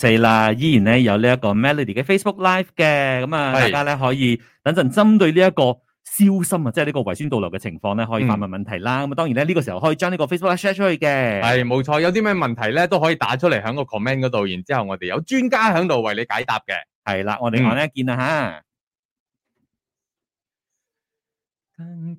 四啦，依然咧有呢一個 melody 嘅 Facebook Live 嘅，咁啊大家咧可以等陣針對呢一個燒心啊，即、就、係、是、呢個胃酸倒流嘅情況咧，可以發問問題啦。咁、嗯、啊，當然咧呢、這個時候可以將呢個 Facebook Live share 出去嘅。係冇錯，有啲咩問題咧都可以打出嚟喺個 comment 嗰度，然之後我哋有專家喺度為你解答嘅。係、嗯、啦，我另外咧見啊吓。嗯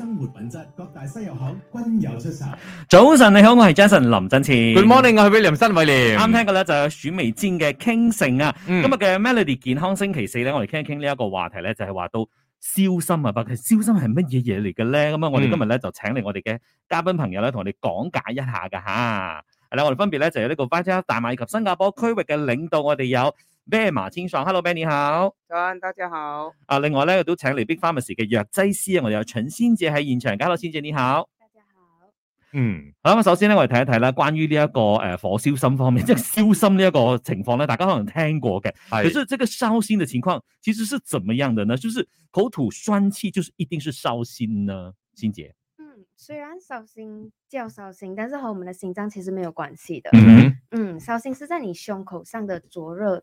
生活品質，各大西洋行均有出售。早晨，你好，我係 Jason 林振前。Good morning，我係 William 新偉廉。啱聽嘅咧就有鼠尾尖嘅傾勝啊。今日嘅 Melody 健康星期四咧，我哋傾一傾呢一個話題咧，就係話到燒心啊，不過燒心係乜嘢嘢嚟嘅咧？咁、嗯、啊，我哋今日咧就請嚟我哋嘅嘉賓朋友咧，同我哋講解一下噶吓。係啦，我哋分別咧就有呢個巴沙大馬以及新加坡區域嘅領導，我哋有。Ben 麻清爽，Hello Ben 你好。早安，大家好。啊，另外咧，都請嚟 Big Pharmacy 嘅藥劑師啊，我有陳仙姐喺現場，Hello 仙姐，你好。大家好。嗯，好咁，首先咧，我哋睇一睇啦，關於呢一個誒、呃，火燒心方面，即係燒心呢一個情況咧，大家可能聽過嘅。係，所以即係個燒心嘅情況，其實是怎麼樣的呢？就是口吐酸氣，就是一定是燒心呢？仙姐。嗯，雖然燒心叫燒心，但是和我們的心臟其實沒有關係的。嗯嗯。嗯，燒心是在你胸口上的灼熱。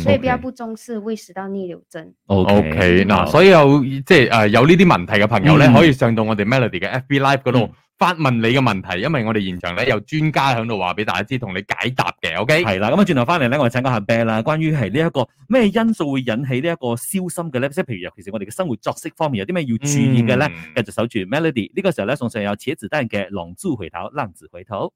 所以不要不重視，會使到逆流症。O K，嗱，所以有即係誒，有呢啲問題嘅朋友咧，可以上到我哋 Melody 嘅 FB Live 嗰度發問你嘅問題，因為我哋現場咧有專家喺度話俾大家知，同你解答嘅。O K，係啦，咁啊，轉頭翻嚟咧，我哋請下 Ben 啦，關於係呢一個咩因素會引起呢一個燒心嘅咧，即係譬如尤其是我哋嘅生活作息方面有啲咩要注意嘅咧，繼續守住 Melody。呢個時候咧，送上有淺子單嘅《狼蛛回頭浪子回頭》。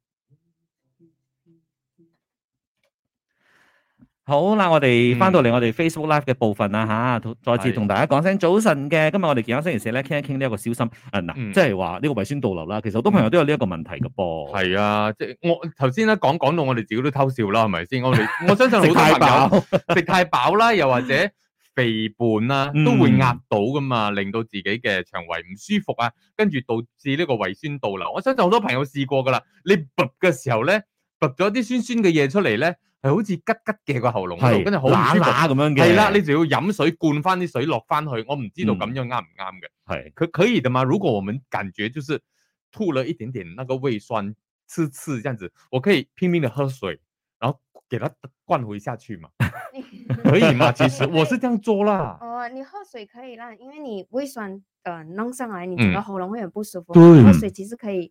好啦，我哋翻到嚟我哋 Facebook Live 嘅部分啦，吓、嗯，再次同大家講聲早晨嘅。今日我哋健康星期四咧，傾一傾呢一個燒心啊嗱，即係話呢個胃酸倒流啦。其實好多朋友都有呢一個問題噶噃。係、嗯嗯嗯、啊，即係我頭先咧講講到我哋自己都偷笑啦，係咪先？我哋我相信好多朋友食 太飽啦，又或者肥胖啦、啊嗯，都會壓到噶嘛，令到自己嘅腸胃唔舒服啊，跟住導致呢個胃酸倒流。我相信好多朋友試過噶啦，你噏嘅時候咧，噏咗啲酸酸嘅嘢出嚟咧。好似吉吉嘅個喉嚨度，跟住好乸乸咁樣嘅。係啦，你就要飲水灌翻啲水落翻去。我唔知道咁樣啱唔啱嘅。係佢可以嘅嘛，如果我們感覺就是吐了一點點那個胃酸，刺刺這樣子，我可以拼命的喝水，然後給它灌回下去嘛？ 可以嗎？其實我是這樣做啦。哦、呃，你喝水可以啦，因為你胃酸，嗯、呃，弄上來，你整個喉嚨會很不舒服。喝、嗯、水其實可以。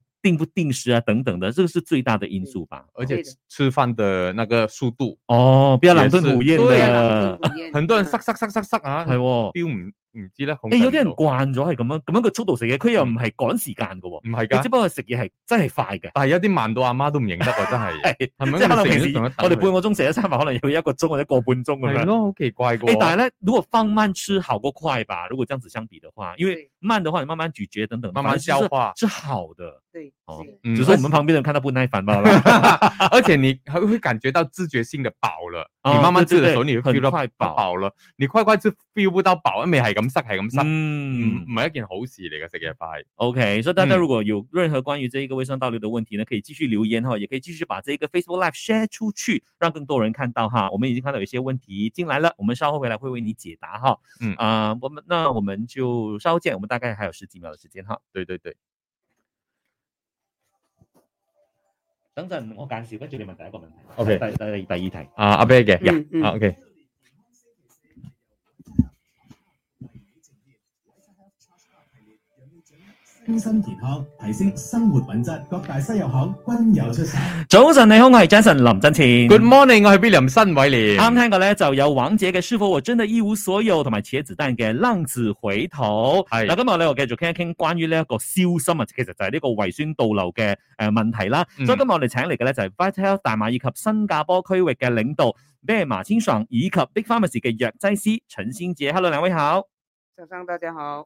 定不定時啊，等等的，這個是最大的因素吧。而且吃飯的那個速度哦，比較難受的，啊、的 很多人塞塞塞塞塞，塞啊，係、 啊，標唔唔知咧。誒、欸，有啲人慣咗係咁樣咁樣個速度食嘢，佢又唔係趕時間喎，唔係、欸，只不過食嘢係真係快嘅。係、啊、有啲慢到阿媽都唔認得過，真係。係即係可能平時我哋半個鐘食一餐，份，可能要一個鐘或者個半鐘咁樣咯，好 奇怪噶。但係咧，如果放慢吃好過快吧？如果這樣子相比的話，因為慢的話你慢慢咀嚼等等，慢慢消化是好的。對，只是、哦、就我們旁邊人看到不耐煩罷了，嗯、而且 而且你還會感覺到自覺性的飽了。哦、你慢慢吃的時候，哦、對對對你會 feel 到快，飽了，快飽，到飽了，你快快吃 feel 不到飽，因為係咁塞，係咁塞，嗯，唔係一件好事嚟嘅食嘢快。OK，所、so、以大家如果有任何關於這一個衛生道理的問題呢，可以繼續留言哈、嗯，也可以繼續把這個 Facebook Live share 出去，讓更多人看到哈。我們已經看到有些問題進來了，我們稍後回來會為你解答哈。嗯啊，我、呃、們那我們就稍後見，我們大概還有十幾秒的時間哈。嗯、對對對。等陣我介紹跟你問第一個問題，OK？第第第二題啊，阿伯嘅、嗯 yeah. 嗯、OK。身心健康，提升生活品質，各大西藥行均有出產。早晨，你好，我係 Jason 林振前。Good morning，我係 William 林新偉廉。啱聽過咧就有王者嘅舒服」，和「真係一無所有，同埋茄子丹嘅浪子回頭。係嗱，今日咧我哋繼續傾一傾關於呢一個燒心啊，其實就係呢個胃酸倒流嘅誒問題啦、嗯。所以今日我哋請嚟嘅咧就係 Vital 大馬以及新加坡區域嘅領導咩麻先爽，以及 Big Pharmacy 嘅藥劑師陳新杰。Hello，兩位好。先生，大家好。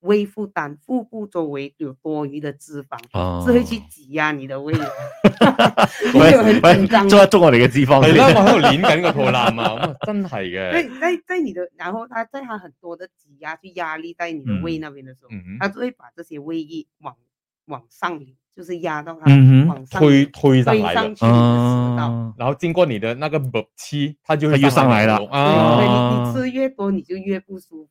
胃負擔，腹部周圍有多餘的脂肪，oh. 是會去擠壓你的胃、啊，哈哈哈哈哈，就很緊張。做做我哋嘅脂肪， 你啦道， 有連嘛 我喺度練緊個肚腩啊，真係嘅。在你的，然後他在他很多的擠壓、去壓力在你的胃那邊的時候，它、mm -hmm. 就會把這些胃液往往上，就是壓到它、mm -hmm. 往上推推上來的，去的 uh. 然後經過你的那個胃期，它就會越上來了啊。你、uh. 你吃越多，你就越不舒服。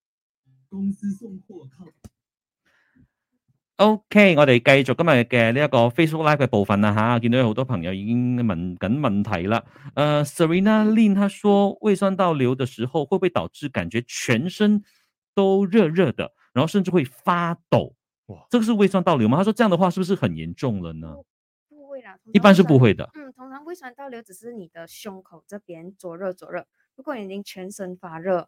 公司送貨靠。OK，我哋繼續今日嘅呢個 Facebook Live 嘅部分啦吓，見到有好多朋友已經問緊問題啦。誒，Serena Lin，他說胃酸倒流的時候，會不會導致感覺全身都熱熱的，然後甚至會發抖？哇，這個是胃酸倒流嗎？他說這樣的話，是不是很嚴重了呢？不，不會啦，一般是不會的。嗯，通常胃酸倒流只是你的胸口這邊灼熱灼熱，如果已經全身發熱。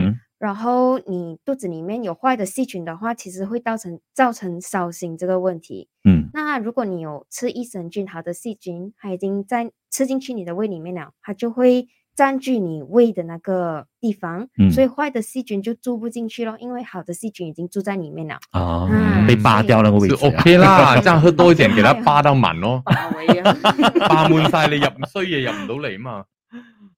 然後你肚子裏面有壞的細菌的話，其實會造成造成燒心這個問題。嗯，那如果你有吃益生菌，好的細菌它已經在吃進去你的胃裏面了，它就會佔據你胃的那個地方，嗯、所以壞的細菌就住不進去了，因為好的細菌已經住在裏面了啊,啊，被扒掉那個位置。OK 啦， 這樣喝多一點，給 它扒到滿嘍，扒滿晒 你入唔衰嘢也入唔到嚟嘛。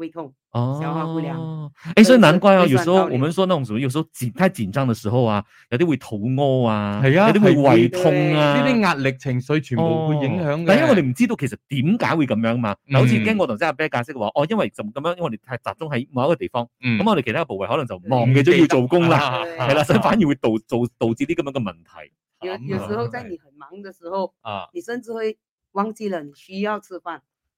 胃痛哦，消化不良，誒、哦欸，所以難怪啊。有時候我們說那種什麼，有時候緊太緊張的時候啊，有啲會肚屙啊，係啊，有啲會胃痛啊，呢啲壓力情緒全部會影響、哦、但因為我哋唔知道其實點解會咁樣嘛。好似驚我同阿 B 解釋嘅話，哦，因為就咁樣，因為我哋太集中喺某一個地方，咁、嗯、我哋其他部位可能就忘記咗要做工啦，係、嗯、啦，所以反而會導導導致啲咁樣嘅問題。有有時候在你很忙嘅時候啊、嗯，你甚至會忘記了你需要吃飯。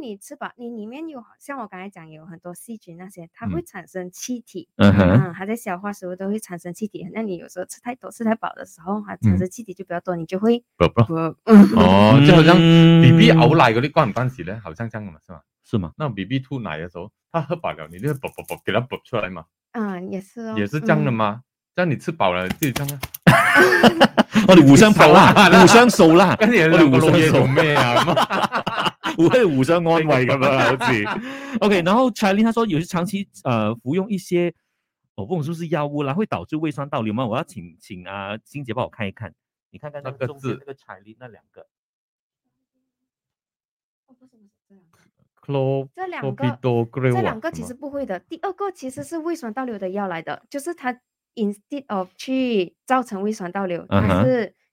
你吃飽，你裏面有像我剛才講，有很多細菌那些，它會產生氣體。嗯哼，嗯，他在消化時候都會產生氣體、嗯嗯、體。那你有時候吃太多、吃太飽的時候，哈，產生氣體就比較多，嗯、你就會噗噗哦、嗯，就好像 B B 嘔奶嗰啲關唔關事呢？好像真嘅嘛，是嘛？是嘛？那 B B 吐奶的時候，他喝飽了，你就會啵啵啵給他啵出來嘛？嗯，也是哦，也是這樣的嗎、嗯？這樣你吃飽了你自己脹啊、， 哦、啊， 啊，啊，啊，啊！我哋互相數啊，互相數啦。跟哋互相數咩啊？ 不會互相安慰咁啊，好 似。干 o、okay, K，然後彩玲，她說有些長期，呃服用一些，我唔知是藥物啦，會導致胃酸倒流嗎？我要請請啊，欣姐幫我看一看，你看看那個中間那個彩玲那兩個、那個字哦、不是這兩個。這兩個，這兩個其實不會的、嗯。第二個其實是胃酸倒流的藥來的，就是它 instead of 去造成胃酸倒流，嗯、它是。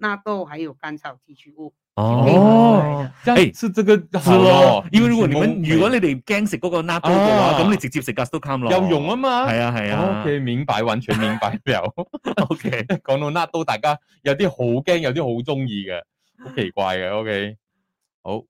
納豆，還有甘草提取物。哦，誒、哦，是、啊、這，這個，係咯、啊啊。因為如果你們如果你哋驚食嗰個納豆嘅話，咁、啊、你直接食 casto come 落。有用啊嘛，係啊係啊。啊、o、okay, K 明白，完全明白了。 o、okay. K，講到納豆，大家有啲好驚，有啲好中意嘅，好奇怪嘅。O K，好。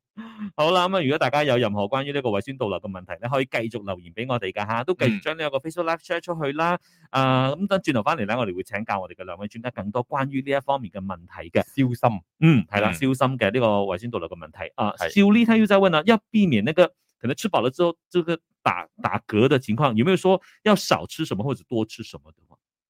好啦，咁、嗯、啊，如果大家有任何關於呢個胃酸倒流嘅問題咧，可以繼續留言俾我哋噶吓，都繼續將呢個 Facebook Live share、嗯、出去啦。啊、呃，咁等轉頭翻嚟咧，我哋會請教我哋嘅兩位專家更多關於呢一方面嘅問題嘅。燒心，嗯，係啦、嗯，燒心嘅呢、這個胃酸倒流嘅問題啊。少呢睇完再問啦，要避免呢、那個可能吃飽咗之後，即、這個打打嗝嘅情況，有冇有說要少吃什麼或者多吃什麼？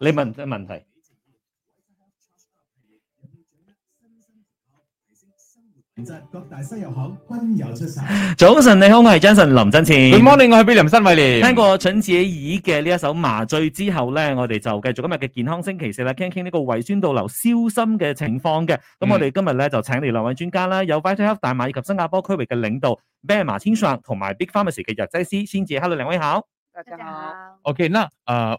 你問嘅問題。其實各大西入口均有出事。早晨，你好，我係 Jason 林振前。Good morning，我係 Billy 林新偉。連聽過蠢子耳嘅呢一首麻醉之後咧，我哋就繼續今日嘅健康星期四啦，傾一傾呢個胃酸倒流燒心嘅情況嘅。咁我哋今日咧就請嚟兩位專家啦，有 Vital Health 大馬以及新加坡區域嘅領導 Ben Ma 千尚同埋 Big Pharmacy 嘅藥劑師仙姐。Hello，兩位好。大家好。OK，嗱，誒。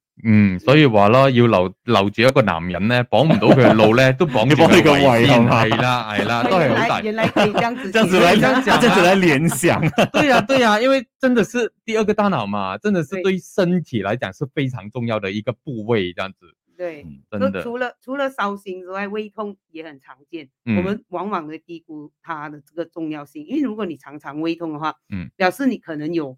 嗯，所以話呢，要留留住一個男人呢，綁唔到佢嘅路呢 都綁住個胃。係啦，係啦，啦 都係好大。原來，原來可以這樣子，真 係這樣，真 來聯想。 對呀、啊、對呀、啊，因為真的是第二個大腦嘛，真的是對身體來講是非常重要的一個部位，這樣子。對，都、嗯、除了除了燒心之外，胃痛也很常見。嗯、我們往往會低估它的這個重要性，因為如果你常常胃痛嘅話，嗯，表示你可能有。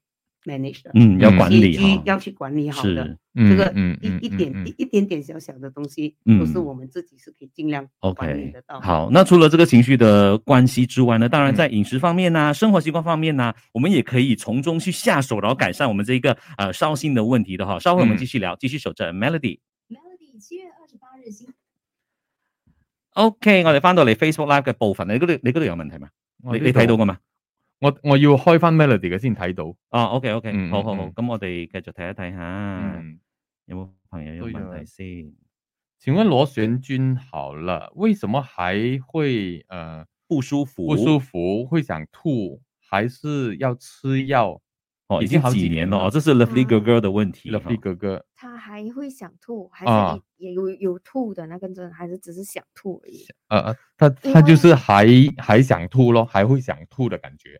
嗯,嗯要管理，要去管理好的，嗯、這個一一,一點一一點點小小的東西，嗯，都、就是我們自己是可以盡量管理得到。Okay, 好，那除了這個情緒的關係之外呢，當然在飲食方面啊，嗯、生活習慣方面呢、啊、我們也可以從中去下手，然後改善我們這一個，呃，燒心的問題的哈。稍後我們繼續聊，嗯、繼續守着 Melody。Melody 七月二十八日新。OK，我哋翻到嚟 Facebook Live 嘅部分，你嗰度你嗰度有問題嗎？哦、你你睇到噶嘛？我我要開翻 melody 嘅先睇到啊，OK OK，好好、嗯、好，好，咁、嗯、我哋繼續睇一睇下、嗯，有冇朋友有問題先？請問螺旋菌好了，為什麼還會呃不舒服？不舒服會想吐，還是要吃藥？哦，已經好幾年咯、啊，這是 Lovely 哥哥的問題。啊、Lovely 哥哥，他還會想吐，還是也，、啊、也有有吐的，那根本還是只是想吐而已。呃、啊、呃他他就是還還想吐咯，還會想吐的感覺。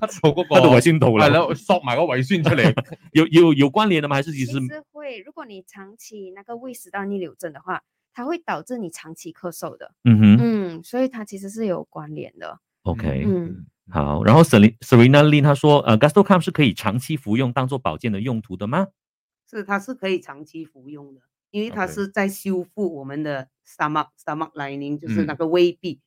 我、那個、的個胃酸度啦，係 咯，索埋個胃酸出嚟，要要有關聯的嘛？還是其實，其實會，如果你長期那個胃食道逆流症的話，它會導致你長期咳嗽的。嗯哼，嗯，所以它其實是有關聯的。OK，嗯，好。然後 Serena Lin，她說，呃，Gastrocam 是可以長期服用，當做保健的用途的嗎？是，它是可以長期服用的，因為它是在修復我們的 stomach、okay. stomach lining，就是那個胃壁。嗯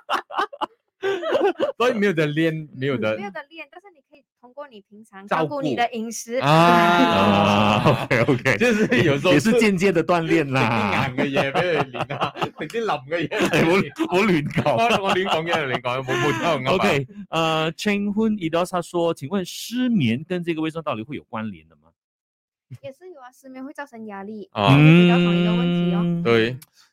所以沒有得練，沒有得、嗯、沒有得練，但是你可以通過你平常照顧，照顧，照顧你的飲食啊， 啊，OK OK，就是有時候也是間接的鍛煉啦。硬嘅嘢俾佢練啊，食啲淋嘅嘢啊好，好亂講，我亂講嘢又亂講，冇冇聽明白？OK，呃，千婚伊多莎說，請問失眠跟這個衛生道理會有關聯的嗎？也是有啊，失眠會造成壓力啊，會、嗯、造成一個問題、哦、對。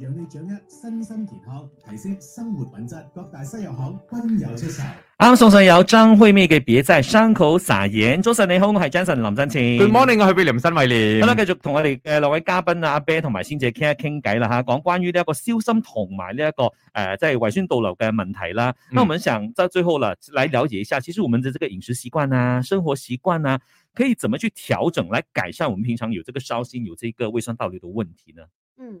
讓你掌握身心健康，提升生活品質，各大西藥行均有出售。啱、嗯、送、嗯嗯嗯嗯、上有張惠妹嘅《別在傷口撒鹽》。早晨你好，我係 Jensen 林振前。Good、嗯、morning，我係 William 林新偉。好啦，繼續同我哋嘅兩位嘉賓啊，阿 Ben 同埋仙姐傾一傾偈啦吓，講關於呢一個燒心同埋呢一個誒，即係胃酸倒流嘅問題啦。那我們想在最後啦，來了解一下，其實我們的這個飲食習慣啊，生活習慣啊，可以怎麼去調整，來改善我們平常有這個燒心、有這個胃酸倒流的問題呢？嗯。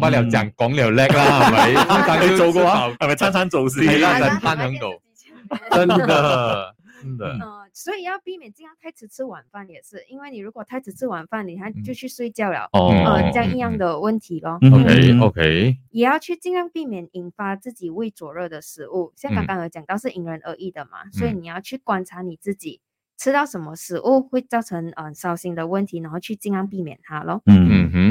我又淨講又叻啦，係 咪、啊？但係要做個係咪？餐餐做事，一日 真的，真的。嗯呃、所以要避免，盡量太遲吃晚飯，也是，因為你如果太遲吃晚飯，你就去睡覺了。嗯、哦、呃，這樣一樣的問題咯。OK，OK、嗯嗯嗯。也要去盡量避免引發自己胃灼熱的食物、嗯，像剛剛有講到，是因人而異的嘛、嗯。所以你要去觀察你自己吃到什麼食物會造成嗯，燒心的問題，然後去盡量避免它咯。嗯嗯。